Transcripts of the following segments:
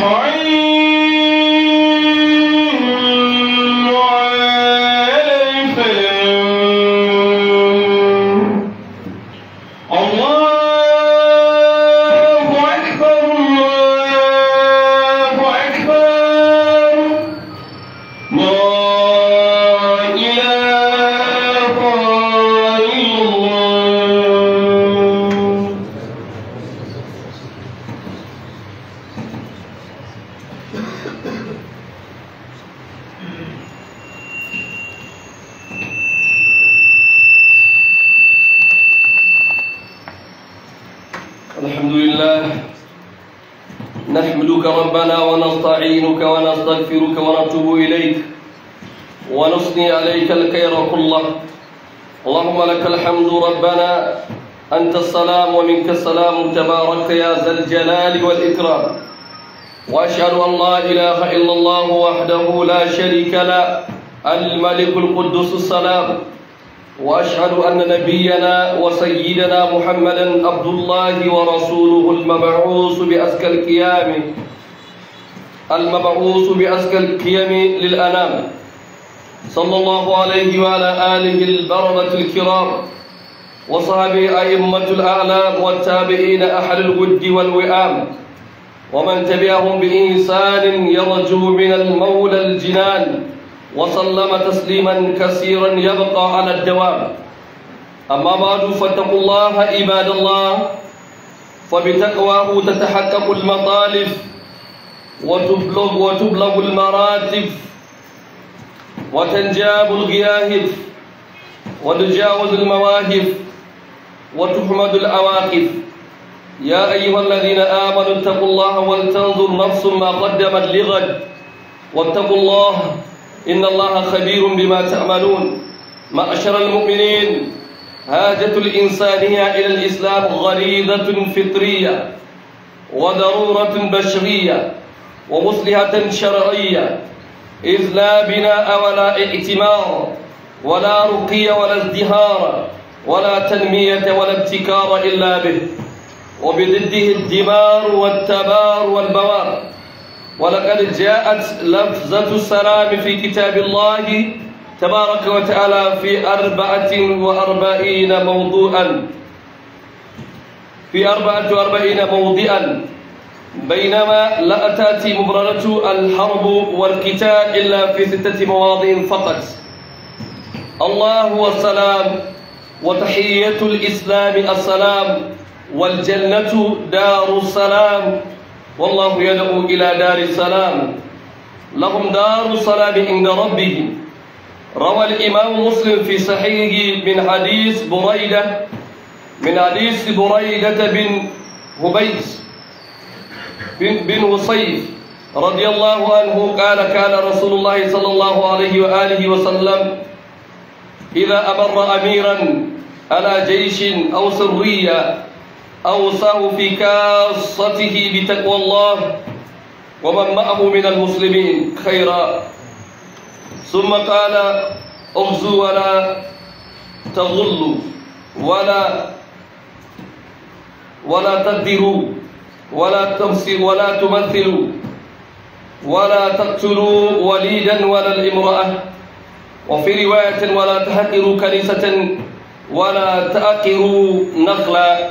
morning. الخير الله اللهم لك الحمد ربنا أنت السلام ومنك السلام تبارك يا ذا الجلال والإكرام وأشهد أن لا إله إلا الله وحده لا شريك له الملك القدوس السلام وأشهد أن نبينا وسيدنا محمدا عبد الله ورسوله المبعوث بأزكى القيام المبعوث بأزكى القيم للأنام صلى الله عليه وعلى آله البررة الكرام وصحبه أئمة الأعلام والتابعين أحل الود والوئام ومن تبعهم بإنسان يرجو من المولى الجنان وسلم تسليما كثيرا يبقى على الدوام أما بعد فاتقوا الله عباد الله فبتقواه تتحقق المطالب وتبلغ وتبلغ المراتب وتنجاب الغياهب وتجاوز المواهب وتحمد الأواقف يا أيها الذين آمنوا اتقوا الله ولتنظر نفس ما قدمت لغد واتقوا الله إن الله خبير بما تعملون معشر المؤمنين هاجة الإنسانية إلى الإسلام غريضة فطرية وضرورة بشرية ومصلحة شرعية إذ لا بناء ولا ائتمار ولا رقي ولا ازدهار ولا تنمية ولا ابتكار إلا به وبضده الدمار والتبار والبوار ولقد جاءت لفظة السلام في كتاب الله تبارك وتعالى في أربعة وأربعين موضوعا في أربعة وأربعين موضوعا بينما لا تأتي مبررة الحرب والقتال إلا في ستة مواضع فقط الله والسلام وتحية الإسلام السلام والجنة دار السلام والله يدعو إلى دار السلام لهم دار السلام عند ربهم روى الإمام مسلم في صحيحه من حديث بريدة من حديث بريدة بن هبيس بن وصيف رضي الله عنه قال كان رسول الله صلى الله عليه وآله وسلم إذا أمر أميرا على جيش أو سرية أوصاه في كاصته بتقوى الله ومن معه من المسلمين خيرا ثم قال اغزوا ولا تغلوا ولا ولا تدروا ولا تمثل ولا تمثلوا ولا تقتلوا وليدا ولا الامرأة وفي رواية ولا تهكروا كنيسة ولا تأكروا نخلا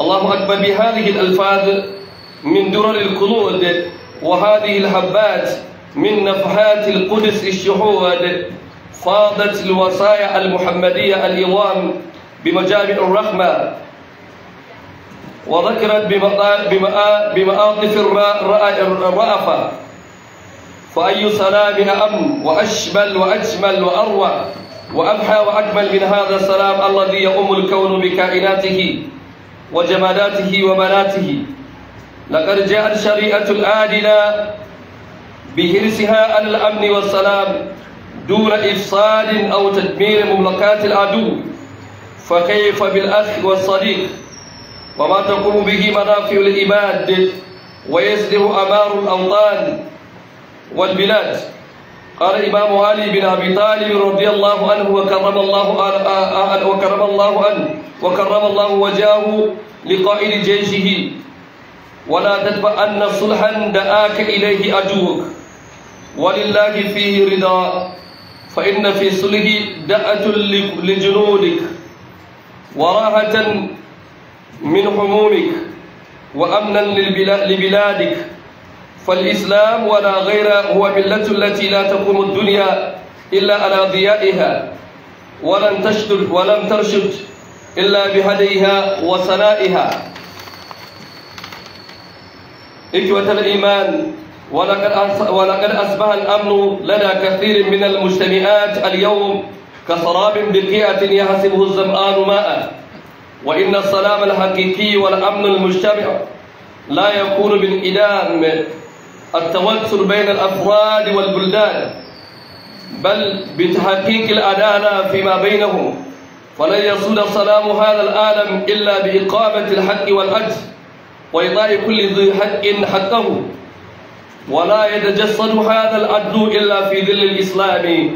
الله أكبر بهذه الألفاظ من درر القلود وهذه الهبات من نفحات القدس الشهود فاضت الوصايا المحمدية الإوام بمجامع الرحمة وذكرت بمآطف الرأفة فأي سلام أم وأشمل وأجمل وأروع وأبحى وأجمل من هذا السلام الذي يؤم الكون بكائناته وجمالاته وبناته لقد جاء الشريعة العادلة بهرسها على الأمن والسلام دون إفساد أو تدمير مملكات العدو فكيف بالأخ والصديق وما تقوم به منافع العباد ويسدر أمار الأوطان والبلاد قال إمام علي بن أبي طالب رضي الله عنه وكرم الله وكرم الله عنه وكرم الله وجاه لقائد جيشه ولا تتبع أن صلحا دعاك إليه أجوك ولله فيه رضا فإن في صلحه دعة لجنودك وراحة من همومك وأمنا لبلادك فالإسلام ولا غير هو ملة التي لا تقوم الدنيا إلا على ضيائها ولن تشتد ولم ترشد إلا بهديها وسنائها إخوة الإيمان ولقد ولقد أصبح الأمن لدى كثير من المجتمعات اليوم كسراب بقيعة يحسبه الظمآن ماءً وإن السلام الحقيقي والأمن المجتمع لا يكون بانعدام التوتر بين الأفراد والبلدان بل بتحقيق الأدانة فيما بينهم فلن يصل سلام هذا العالم إلا بإقامة الحق والعدل وإعطاء كل ذي حق حقه ولا يتجسد هذا العدل إلا في ظل الإسلام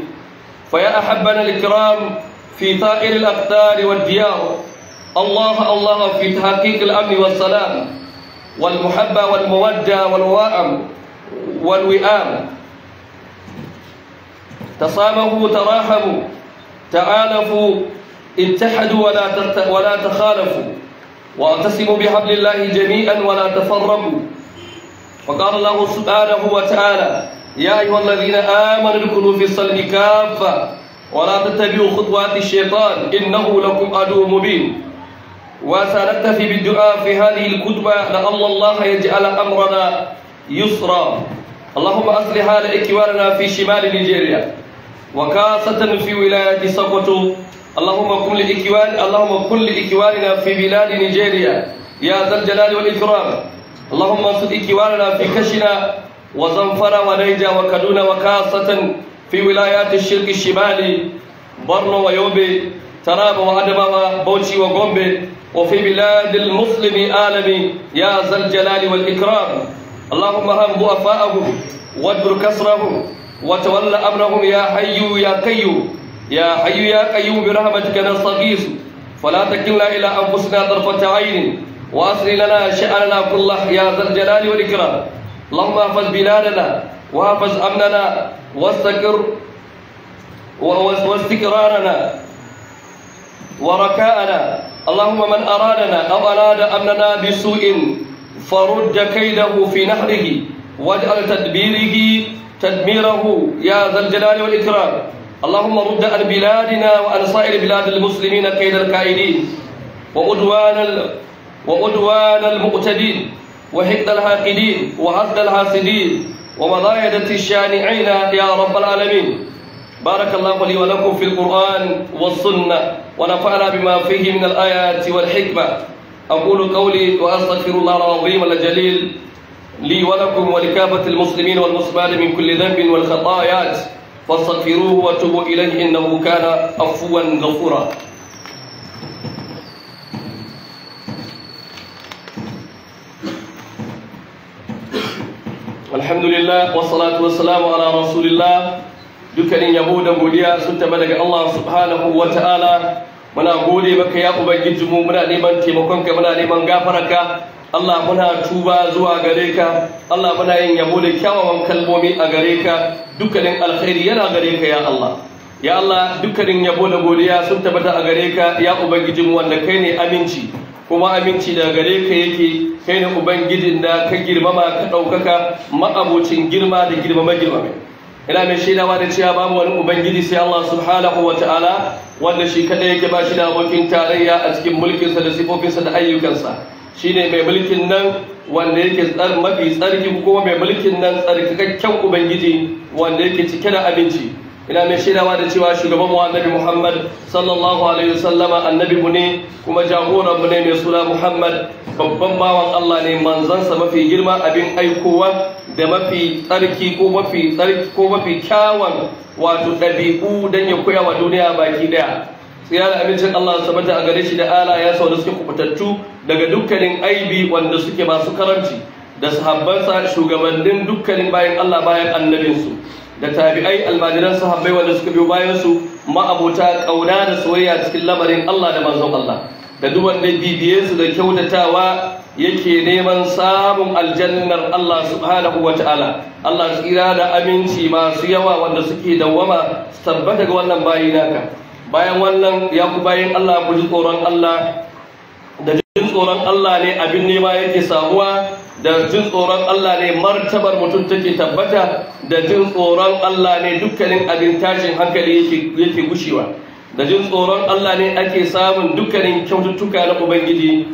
فيا أحبنا الكرام في طائر الأقدار والديار الله الله في تحقيق الأمن والسلام والمحبة والمودة والوئام والوئام تصامحوا تراحموا تعالفوا اتحدوا ولا ولا تخالفوا واعتصموا بحبل الله جميعا ولا تفرقوا فقال الله سبحانه وتعالى يا أيها الذين آمنوا ادخلوا في الصلب كافة ولا تتبعوا خطوات الشيطان إنه لكم عدو مبين وسنكتفي بالدعاء في هذه الكتبة لعل الله يجعل أمرنا يسرا اللهم أصلح لإكواننا في شمال نيجيريا وخاصة في ولاية سقوط اللهم كن لإكوار اللهم كن لإكوارنا في بلاد نيجيريا يا ذا الجلال والإكرام اللهم انصر إكواننا في كشنا وزنفرة ونيجا وكادونا وخاصة في ولايات الشرق الشمالي برنو ويوبي ترابا وأدبا وبوشي وغومبي وفي بلاد المسلم آلم يا ذا الجلال والإكرام اللهم هم ضعفاءهم واجبر كسرهم وتول أمرهم يا حي يا قيوم يا حي يا قيوم برحمتك نستغيث فلا تكلنا إلى أنفسنا طرفة عين وأسر لنا شأننا كله يا ذا الجلال والإكرام اللهم احفظ بلادنا واحفظ أمننا واستقر واستقرارنا وركاءنا اللهم من أرادنا أو أراد أمننا بسوء فرد كيده في نحره واجعل تدبيره تدميره يا ذا الجلال والإكرام اللهم رد عن بلادنا وعن سائر بلاد المسلمين كيد الكائدين وعدوان وعدوان المقتدين وحقد الحاقدين وحقد الحاسدين ومضايدة الشانعين يا رب العالمين بارك الله لي ولكم في القرآن والسنة ونفعنا بما فيه من الآيات والحكمة أقول قولي وأستغفر الله العظيم الجليل لي ولكم ولكافة المسلمين والمسلمات من كل ذنب والخطايات فاستغفروه وتوبوا إليه إنه كان عفوا غفورا الحمد لله والصلاة والسلام على رسول الله dukkanin yabo da godiya sun taba daga Allah subhanahu wa ta'ala muna gode maka ya ubangiji mu muna neman taimakon ka muna neman gafararka Allah muna tuba zuwa gare ka Allah muna yin yabo da kyawawan kalmomi a gare ka dukkanin alkhairi yana gare ka ya Allah ya Allah dukkanin yabo da godiya sun tabbata a gare ka ya ubangiji mu wanda kai ne aminci kuma aminci da gare ka yake kai ne ubangijin da ka girmama ka ɗaukaka ma'abocin girma da girmama girmama ina mai shaidawa da cewa babu wani ubangiji sai Allah subhanahu wa ta'ala wanda shi kadai yake ba shi da abokin tarayya a cikin mulkinsa da sifofinsa da ayyukansa shine mai mulkin nan wanda yake mafi tsarki kuma mai mulkin nan tsarkakakken ubangiji wanda yake cike da abinci ina mai shaidawa da cewa shugaban mu annabi Muhammad sallallahu alaihi wasallama annabi mu ne kuma jagoran mu ne mai suna Muhammad babban bawan Allah ne sa mafi girma abin aikowa da mafi tsarki ko mafi tsarki ko mafi kyawun wato ɗabi'u dan ya koya wa duniya baki daya da abincin Allah sabata a gare shi da ala ya sau suke kubutattu daga dukkanin aibi wanda suke masu karamci da sahabbansa shugabannin dukkanin bayan Allah bayan annabinsu da tabi'ai almajiran sahabbai wanda suka biyo bayan su ma'abota kauna da soyayya cikin lamarin Allah da manzon Allah da duk wanda bibiye su da kyautatawa yake neman samun aljannar Allah subhanahu wa ta'ala Allah tsira da aminci masu yawa wanda suke dawwama su tabbata ga wannan bayi naka bayan wannan ya ku bayin Allah ku ji tsoron Allah jin tsoron Allah ne abin nema yake samuwa da jin tsoron Allah ne martabar mutum take tabbata da jin tsoron Allah ne dukkanin abin tashin hankali yake gushewa da jin tsoron Allah ne ake samun dukkanin kyaututtuka na Ubangiji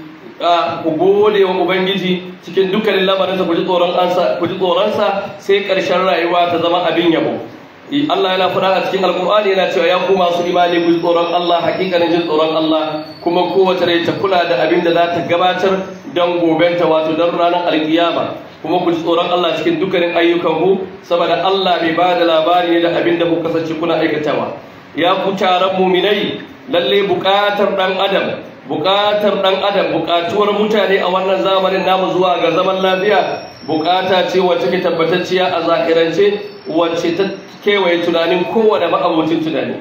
ku gode wa Ubangiji cikin dukkanin lamarinsa ku ji tsoron sa, sai ƙarshen rayuwa ta zama abin yabo Eh, Allah yana faɗa a cikin alkur'ani yana cewa ya kuma su imani ku tsoron Allah hakikanin jin tsoron Allah kuma kowace rai ta kula da abin da za ta gabatar don gobenta wato don ranar alkiyama kuma ku ji tsoron Allah cikin dukkanin ayyukanku saboda Allah bai ba da labari ne da abin da ku kasance kuna aikatawa ya ku taron muminai lalle buƙatar ɗan adam buƙatar ɗan adam buƙatuwar mutane a wannan zamanin namu zuwa ga zaman lafiya buƙata ce wacce ke tabbatacciya a zahirance wacce ta kewaye tunanin kowane ma'abocin tunani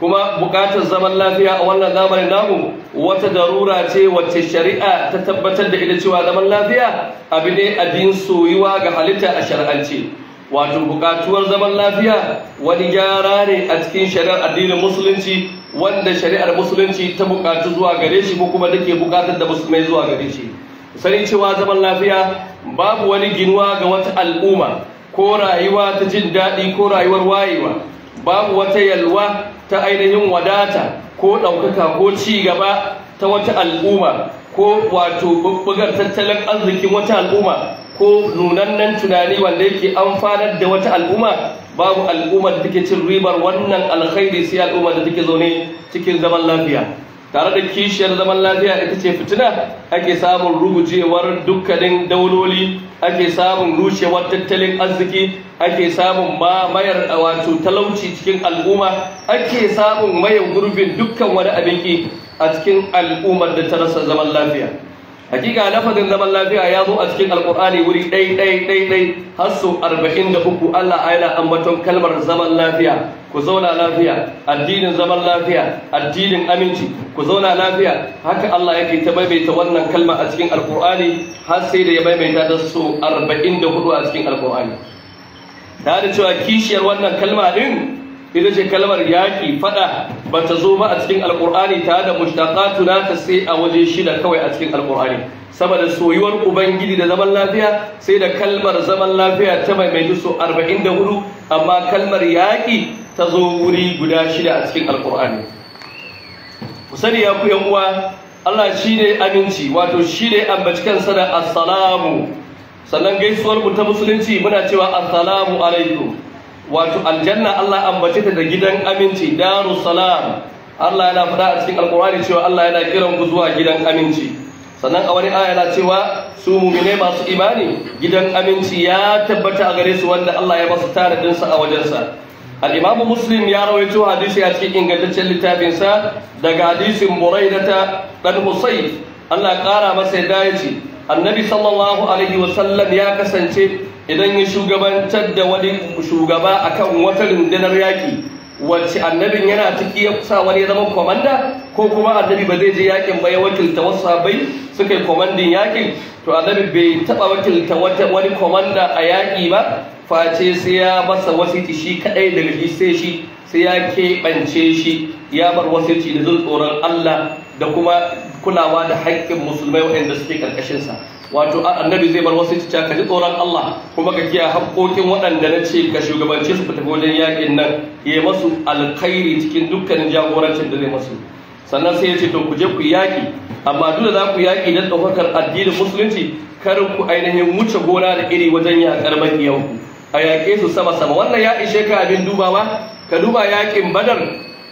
kuma buƙatar zaman lafiya a wannan zamanin namu wata darura ce wacce shari'a ta tabbatar da ita cewa zaman lafiya abu ne abin soyuwa ga halitta a shari'ance wato bukatuwar zaman lafiya wani gyara ne a cikin shari'ar addinin musulunci wanda shari'ar musulunci ta buƙatu zuwa gare shi ko kuma take bukatar da musulmai zuwa gare shi sani cewa zaman lafiya babu wani ginuwa ga wata al'umma ko rayuwa ta jin daɗi ko rayuwar wayewa babu wata yalwa ta ainihin wadata ko ɗaukaka ko ci gaba ta wata al'umma ko wato bugar tattalin arzikin wata al'umma ko nunannen tunani wanda yake amfanar da wata al'umma babu al'ummar da take cin ribar wannan alkhairi sai al'umma da take zaune cikin zaman lafiya tare da kishiyar zaman lafiya ita ce fitina ake samun rugujewar dukkanin dauloli ake samun rushewar tattalin arziki ake samun mayar wato talauci cikin al'umma ake samun maye gurbin dukkan wani abinki a cikin al'ummar da ta rasa zaman lafiya hakika lafazin zaman lafiya ya zo a cikin alkur'ani wuri ɗai ɗai ɗai ɗai har sau arba'in da uku allah yana ambaton kalmar zaman lafiya ku zauna lafiya addinin zaman lafiya addinin aminci ku zauna lafiya haka allah yake ta maimaita wannan kalma a cikin alkur'ani har sai da ya maimaita da sau arba'in da hudu a cikin alkur'ani da da cewa kishiyar wannan kalma din? ita ce kalmar yaƙi faɗa ba ta zo ba a cikin alƙur'ani ta da mushtaqatu tunata ta sai a waje shida kawai a cikin alƙur'ani saboda soyuwar ubangiji da zaman lafiya sai da kalmar zaman lafiya ta maimaitu so 44 amma kalmar yaƙi ta zo wuri guda shida a cikin alƙur'ani ku sani ya ku yan uwa Allah ne aminci wato shine ambaci kansa da assalamu sannan gaisuwar mu ta musulunci muna cewa assalamu alaikum wato aljanna Allah ambace ta da gidan aminci daru salam Allah yana faɗa a cikin alkurani cewa Allah yana kiran ku zuwa gidan aminci sannan a wani aya yana cewa su mumine masu imani gidan aminci ya tabbata a gare su wanda Allah ya masa tanadin sa a wajensa al-imamu muslim ya rawaito hadisi a cikin ingantaccen sa daga hadisin buraidata dan ɗan Allah ya kara masa yadda yace annabi sallallahu alaihi wasallam ya kasance idan ya shugabantar da wani shugaba akan wata rundunar yaƙi wacce annabin yana ciki ya sa wani ya zama kwamanda ko kuma annabi ba zai je yakin ba ya wakilta wasu sabai suka yi kwamandin yakin to annabi bai taɓa wakilta wani kwamanda a yaƙi ba face sai ya basa wasiti shi kaɗai da shi shi sai ya keɓance shi ya bar wasiti da zai tsoron Allah da kuma kulawa da haƙƙin musulmai waɗanda suke ƙarƙashinsa. wato annabi zai bar wasu cica ka ji tsoron Allah kuma ka kiya haƙoƙin waɗanda na ce ka shugabance su fita wajen yaƙin nan ya masu alkhairi cikin dukkanin jagorancin da zai masu sannan sai ya ce to ku je ku yaƙi amma duk da za ku yaƙi don ɗaukakar addinin musulunci kar ku ainihin wuce gona da iri wajen yaƙar ku a yaƙe su sama sama wannan ya ishe ka abin dubawa ka duba yaƙin badar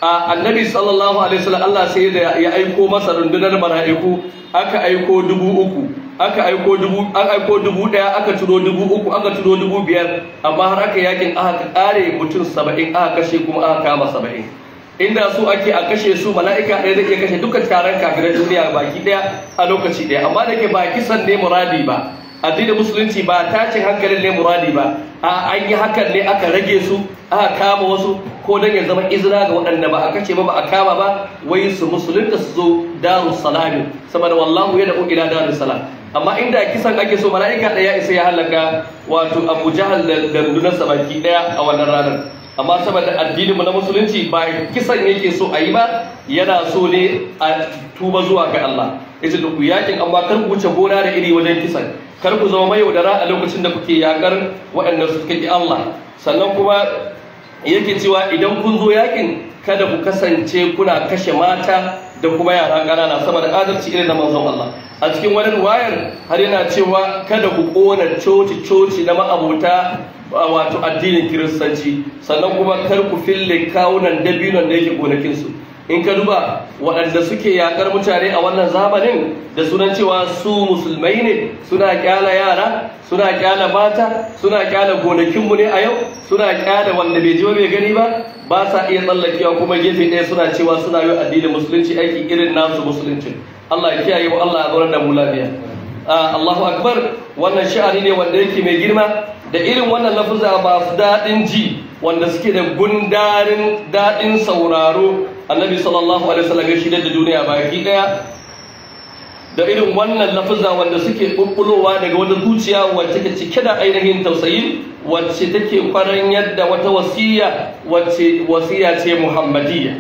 a annabi sallallahu alaihi wasallam Allah sai ya aiko masa rundunar maraiku aka aiko dubu uku aka aiko dubu an aiko dubu daya aka ciro dubu uku aka ciro dubu biyar amma har aka yakin aka kare mutum saba'in aka kashe kuma aka kama saba'in inda su ake a kashe su mala'ika ɗaya zai iya kashe dukkan taron kafiran duniya baki ɗaya a lokaci ɗaya amma da ke ba kisan ne muradi ba addinin musulunci ba tashin hankalin ne muradi ba a an yi hakan ne aka rage su aka kama wasu ko dan ya zama izina ga waɗanda ba a kace ba ba a kama ba wai su musulunta su zo darus salami saboda wallahu ya da'u ila darus salam amma inda kisan ake so mala'ika ɗaya isa ya halaka wato Abu Jahal da dandunan sabaki ɗaya a wannan ranar amma saboda addininmu na musulunci ba kisan yake so a yi ba yana so ne a tuba zuwa ga Allah yace da ku yakin amma kar ku wuce gona da iri wajen kisan kar ku zama mayaudara a lokacin da kuke yakar waɗanda suka ki Allah sannan kuma yake cewa idan kun zo yakin kada ku kasance kuna kashe mata da kuma yara ƙanana saboda adalci irin na manzon Allah a cikin wani wayar har yana cewa kada ku ƙona coci coci na ma'abota wato addinin kiristanci sannan kuma kar ku fille kawunan dabinon da yake gonakinsu in ka duba waɗanda suke yakar mutane a wannan zamanin da sunan cewa su musulmai ne suna kyala yara suna kyala mata suna kyala gonakinmu ne a yau suna kyala wanda bai ji bai gani ba ba sa iya tsallakewa kuma gefe ɗaya suna cewa suna yi addinin musulunci aiki irin nasu musulunci Allah ya kiyaye wa Allah ya da mu lafiya ah, Allahu akbar wannan sha'ani ne wanda yake mai girma da irin wannan lafuza ba su daɗin ji wanda suke da gundarin daɗin sauraro annabi sallallahu alaihi wasallam ya shirya da duniya baki daya da irin wannan lafaza wanda suke bubbulowa daga wata zuciya wacce take cike da ainihin tausayi wacce take kwaran yadda wata wasiya wacce wasiya ce muhammadiyya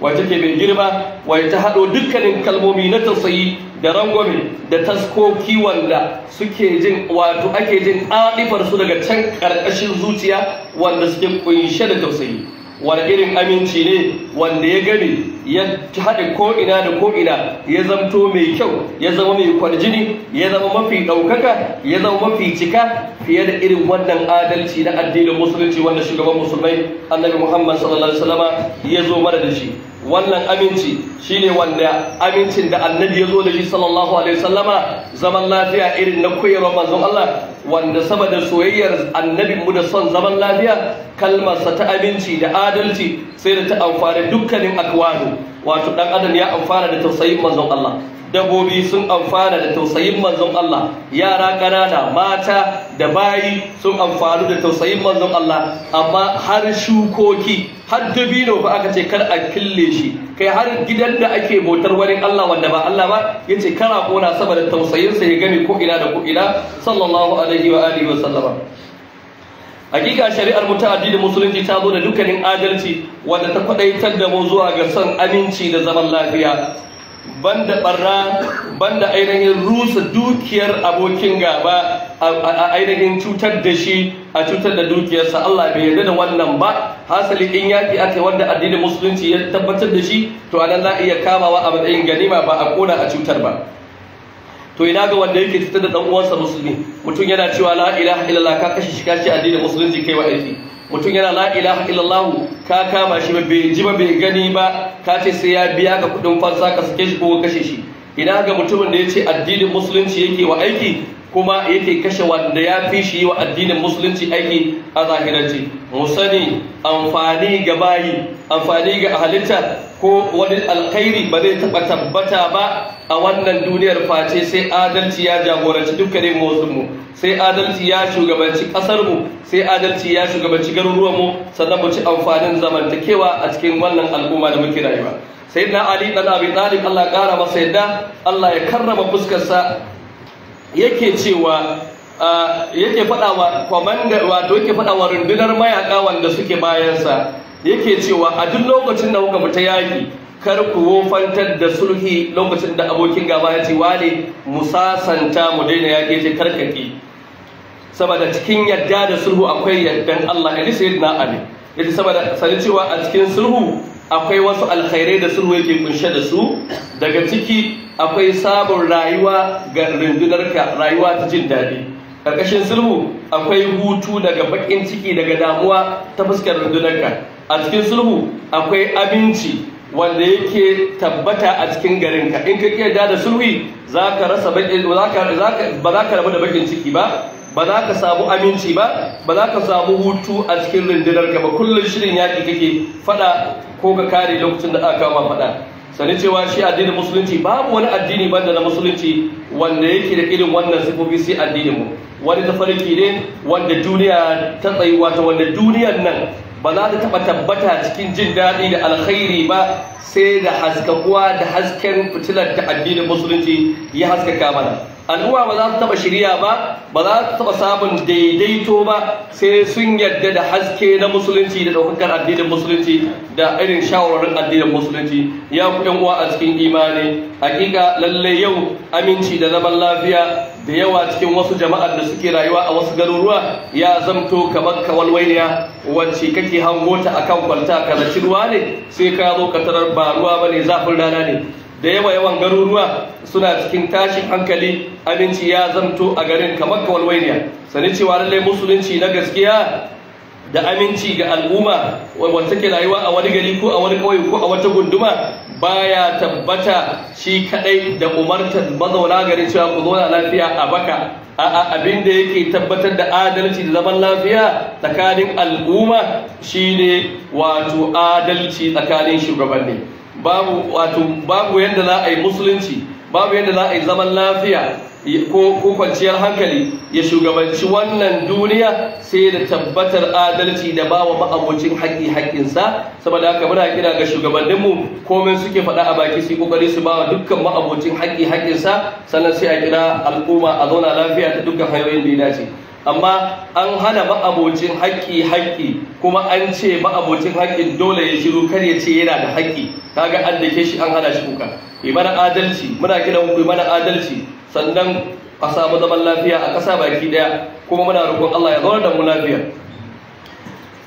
wacce ke bin girma wacce ta haɗo dukkanin kalmomi na tausayi da rangwame da taskoki wanda suke jin wato ake jin alifarsu su daga can ƙarƙashin zuciya wanda suke ƙunshe da tausayi wani irin aminci ne wanda ya gani ya haɗe ko'ina da ko'ina ya zamto mai kyau ya zama mai kwarjini ya zama mafi ɗaukaka ya zama mafi cika fiye da irin wannan adalci na addinin musulunci wanda shugaban musulmai annabi muhammad sallallahu alaihi wasallama ya zo mara da shi wannan aminci shine wanda amincin da annabi ya zo da shi sallallahu alaihi wasallama zaman lafiya irin na koyarwa manzon Allah wanda saboda soyayyar annabin mu da son zaman lafiya kalmarsa ta aminci da adalci sai da ta amfani dukkanin akwano wato ɗan adam ya amfana da tausayin manzon Allah dabbobi sun amfana da tausayin manzon Allah yara ƙanana mata da bayi sun amfanu da tausayin manzon Allah amma har shukoki har dabino ba aka ce kar a kille shi kai har gidan da ake motar wani Allah wanda ba Allah ba yace kana kona saboda tausayin sa ya gani ko ina da ko ina sallallahu alaihi wa alihi wa sallama hakika shari'ar mu ta addinin musulunci ta zo da dukkanin adalci wanda ta kwadaitar da mu zuwa ga son aminci da zaman lafiya banda barra banda ainihin rusa dukiyar abokin gaba a ainihin cutar da shi a cutar da dukiyarsa Allah bai yarda da wannan ba hasali in yafi aka wanda addinin musulunci ya tabbatar da shi to anan za a iya kamawa a matsayin ganima ba a kona a cutar ba to ina ga wanda yake cutar da dan uwansa musulmi mutum yana cewa la ilaha illallah ka kashe shi kashi addinin musulunci kai wa aiki mutum yana la ilaha illallah ka kama shi bai ji ba bai gani ba ka ce sai ya biya ka kuɗin fansa ka sake shi ko kashe shi ina ga mutumin da ya ce addinin musulunci yake wa aiki kuma yake kashe wanda ya fi shi wa addinin musulunci aiki a zahirance sani amfani ga bayi amfani ga halitta ko wani alkhairi ba zai taɓa tabbata ba a wannan duniyar face sai adalci ya jagoranci dukkanin motsinmu sai adalci ya shugabanci ƙasarmu sai adalci ya shugabanci garuruwanmu sannan mu ci amfanin zamantakewa a cikin wannan al'umma da muke rayuwa sai na ali dan abi talib Allah ƙara masa yadda Allah ya karrama fuskarsa yake cewa yake faɗawa kwamanda wato yake faɗawa rundunar mayaka wanda suke bayansa yake cewa a duk lokacin da kuka fita yaki kar ku wofantar da sulhi lokacin da abokin gaba ya ce mu sasanta mu daina yaƙi ce karkake saboda cikin yadda da sulhu akwai yaddan Allah ya sai ali yace saboda sani cewa a cikin sulhu akwai wasu alkhairai da sulhu yake kunshe da su daga ciki akwai sabon rayuwa ga rundunarka rayuwa ta jin daɗi ƙarƙashin sulhu akwai hutu daga baƙin ciki daga damuwa ta fuskar rundunarka a cikin sulhu akwai abinci wanda yake tabbata a cikin garinka in ka yarda da sulhi za ka rasa ba za rabu da bakin ciki ba ba za ka samu aminci ba ba za ka samu hutu a cikin rundunarka ba kullum shirin yaƙi kake faɗa ko ka kare lokacin da aka kama faɗa sani cewa shi addinin musulunci babu wani addini banda na musulunci wanda yake da irin wannan sifofi sai addinin mu wani tafarki ne wanda duniya ta tsayuwa ta wanda duniyar nan ba za ta taɓa tabbata cikin jin daɗi da alkhairi ba sai da haskakuwa da hasken fitilar da addinin musulunci ya haskaka mana al'umma ba za ta taɓa shirya ba ba za ta taɓa samun daidaito ba sai sun yarda da haske na musulunci da ɗaukakar addinin musulunci da irin shawarwarin addinin musulunci ya ku uwa a cikin imani hakika lallai yau aminci da zaman lafiya da yawa cikin wasu jama'ar da suke rayuwa a wasu garuruwa ya zamto kamar kawalwainiya wacce kake hango ta akan kwalta ka zaci ruwa ne sai ka zo ka tarar ba ruwa ba ne zafin rana ne da yawa yawan garuruwa suna cikin tashin hankali aminci ya zamto a garin kamar kawalwainiya sani cewa lallai musulunci na gaskiya da aminci ga al'umma wanda take rayuwa a wani gari ko a wani ƙauye ko a wata gunduma baya tabbata shi kadai da umartar mazauna gari cewa ku zauna lafiya a baka a'a abin da yake tabbatar da adalci da zaman lafiya tsakanin al'umma shine wato adalci tsakanin shugabanni babu wato babu yadda za a yi musulunci babu yadda za a yi zaman lafiya ko kwanciyar hankali ya shugabanci wannan duniya sai da tabbatar adalci da ba wa ma'abocin haƙi-haƙinsa saboda haka muna kira ga shugabanninmu komai suke faɗa a baki su kokari su bawa dukkan ma'abocin haƙi-haƙinsa sannan sai a kira al'umma a zauna lafiya ta dukkan hanyoyin da ya dace amma an hana ma'abocin haƙƙi haƙƙi kuma an ce ma'abocin haƙƙin dole ya shiru kar ya ce yana da haƙƙi kaga an dake shi an hana shi kuka yi mana adalci muna kiran ku mana adalci sannan a samu zaman lafiya a ƙasa baki ɗaya kuma muna roƙon Allah ya zauna da mu lafiya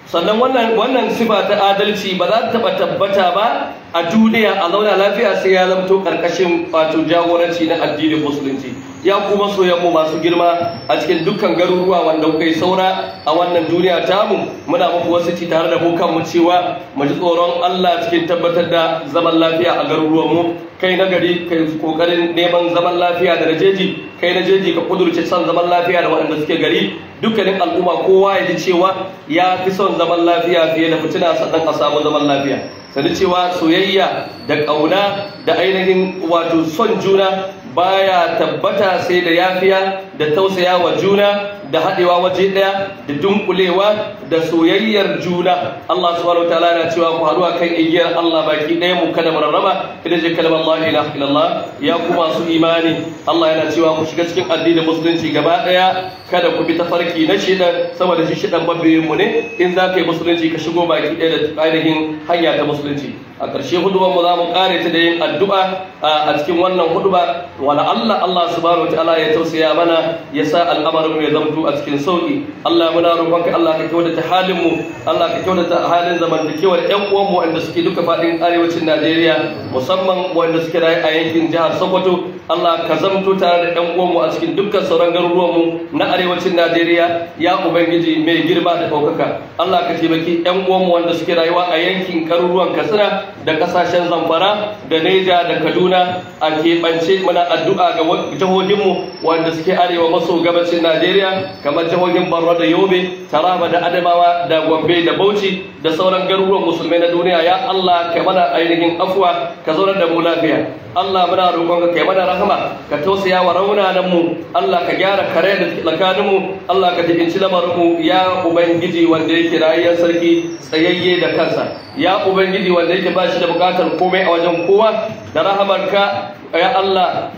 sannan wannan wannan sifa ta adalci ba za ta taɓa tabbata ba a duniya a zauna lafiya sai ya zamto karkashin wato jagoranci na addinin musulunci ya kuma soyanmu masu girma a cikin dukkan garuruwa wanda kuka yi saura a wannan duniya mu, muna muku wasu ci tare da mu kanmu cewa mu ji tsoron Allah cikin tabbatar da zaman lafiya a garuruwanmu kai na gari kai kokarin neman zaman lafiya da rajeji? kai na jeji ka kudurce son zaman lafiya da waɗanda suke gari dukkanin al'umma kowa ya ji cewa ya fi son zaman lafiya fiye da fitina sannan a samu zaman lafiya sani cewa soyayya da ƙauna da ainihin wato son juna baya tabbata sai da yafiya da tausaya wa juna da haɗewa waje ɗaya da dunkulewa da soyayyar juna Allah subhanahu wataala na cewa ku haɗu kan igiyar Allah baki ɗaya mu kada mu rarraba kada je kalmar la ya ku masu imani Allah yana cewa ku shiga cikin addinin musulunci gaba ɗaya kada ku bi tafarki na sama saboda shi shedan babbayin mu ne in za ka yi musulunci ka shigo baki ɗaya da ainihin hanya ta musulunci a ƙarshe hudubar mu za mu ƙare ta da yin addu'a a cikin wannan huduba wala Allah Allah subhanahu wataala ya tausaya mana ya sa al'amarin mai zamto a cikin sauki Allah muna ka Allah ka kyautata halin mu Allah ka kyautata halin zamantakewar ƴan uwan mu wanda suke duka faɗin arewacin Najeriya musamman wanda suke rayu a yankin jihar Sokoto Allah ka zamto tare da ɗan uwanmu a cikin dukkan sauran garuruwanmu na arewacin Najeriya ya Ubangiji mai girma da ɗaukaka Allah ka taimaki ɗan uwanmu wanda suke rayuwa a yankin garuruwan Katsina da ƙasashen Zamfara da Neja da Kaduna a keɓance mana addu'a ga jihohinmu wanda suke arewa maso gabashin Najeriya kamar jihohin Barwa da Yobe Taraba da Adamawa da Gombe da Bauchi da sauran garuruwan musulmai na duniya ya Allah ka mana ainihin afuwa ka zaunar da mu lafiya Allah muna roƙonka kai mana rahama ka tausaya wa raunanan mu Allah ka gyara kare da tsakanin mu Allah ka jibinci lamarin mu ya ubangiji wanda yake rayuwar sarki tsayayye da kansa ya ubangiji wanda yake ba shi da buƙatar komai a wajen kowa da rahamarka ya Allah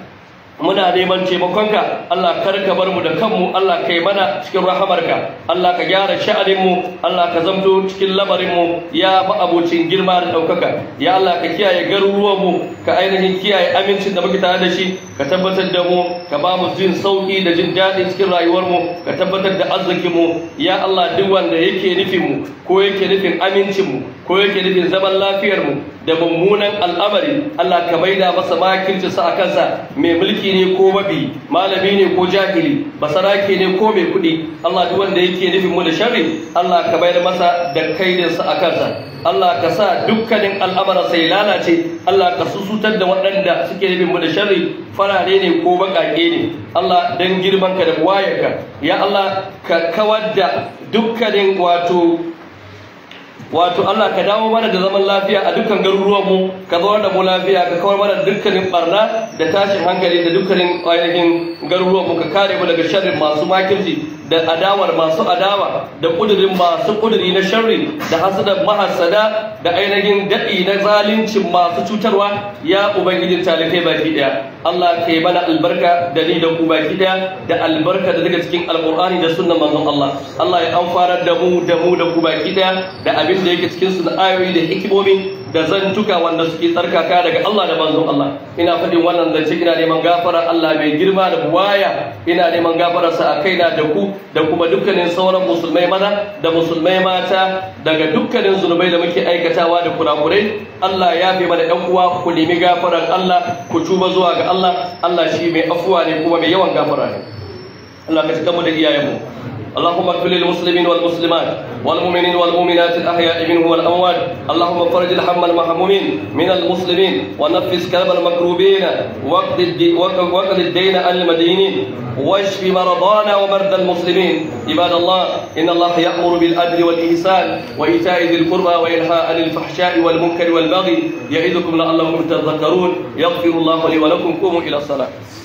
muna neman taimakonka Allah kar ka bar mu da kanmu Allah kai mana cikin rahamarka Allah ka gyara sha'anin mu Allah ka zamto cikin labarinmu, mu ya ba abocin girma da ɗaukaka ya Allah ka kiyaye garuruwan mu ka ainihin kiyaye amincin da muke tare da shi ka tabbatar da mu ka ba mu jin sauki da jin daɗi cikin rayuwar mu ka tabbatar da arzikinmu, mu ya Allah duk wanda yake nufin mu ko yake nufin amincin mu ko yake nufin zaman lafiyar mu da mummunan al'amari Allah ka maida masa makircinsa a kansa mai mulki ne ko mabi malami ne ko jahili basarake ne ko mai kuɗi Allah duk wanda yake nufin mu da sharri Allah ka maida masa da kaidinsa a kansa Allah ka sa dukkanin al'amara sai lalace Allah ka susutar da waɗanda suke nufin mu da sharri farare ne ko baƙaƙe ne Allah dan girman ka da wayarka ya Allah ka kawar da dukkanin wato wato Allah ka dawo mana da zaman lafiya a dukkan garuruwan mu ka zauna da mu lafiya ka kawar mana dukkanin barna da tashin hankali da dukkanin ayyukan garuruwan mu ka kare mu daga sharrin masu makirci da adawar masu adawa da kudirin masu kudiri na sharri da hasada mahasada da ainihin daɗi na zalincin masu cutarwa ya ubangijin talibai baki daya Allah kai mana albarka da ni da ku baki daya da albarka da daga cikin alkur'ani da sunnan manzon Allah Allah ya amfana da mu da mu da ku baki daya da abin da yake cikin su da ayoyi da hikimomi da zantuka wanda suke tsarkaka daga Allah da manzon Allah ina fadin wannan zance ina neman gafara Allah mai girma da Waya ina neman gafararsa a kaina da ku da kuma dukkanin sauran musulmai mana da musulmai mata daga dukkanin zunubai da muke aikatawa da kurakurai Allah ya fi mana ɗan uwa ku nemi gafaran Allah ku tuba zuwa ga Allah Allah shi mai afuwa ne kuma mai yawan gafara ne Allah ka cika mu da iyayenmu اللهم اغفر للمسلمين والمسلمات والمؤمنين والمؤمنات الاحياء منهم والاموات اللهم فرج الهم المهمومين من المسلمين ونفس كرب المكروبين واقض الدين عن المدينين واشف مرضانا ومرضى المسلمين عباد الله ان الله يامر بالعدل والاحسان وايتاء ذي القربى وينهى عن الفحشاء والمنكر والبغي يعظكم لعلكم تذكرون يغفر الله لي ولكم قوموا الى الصلاه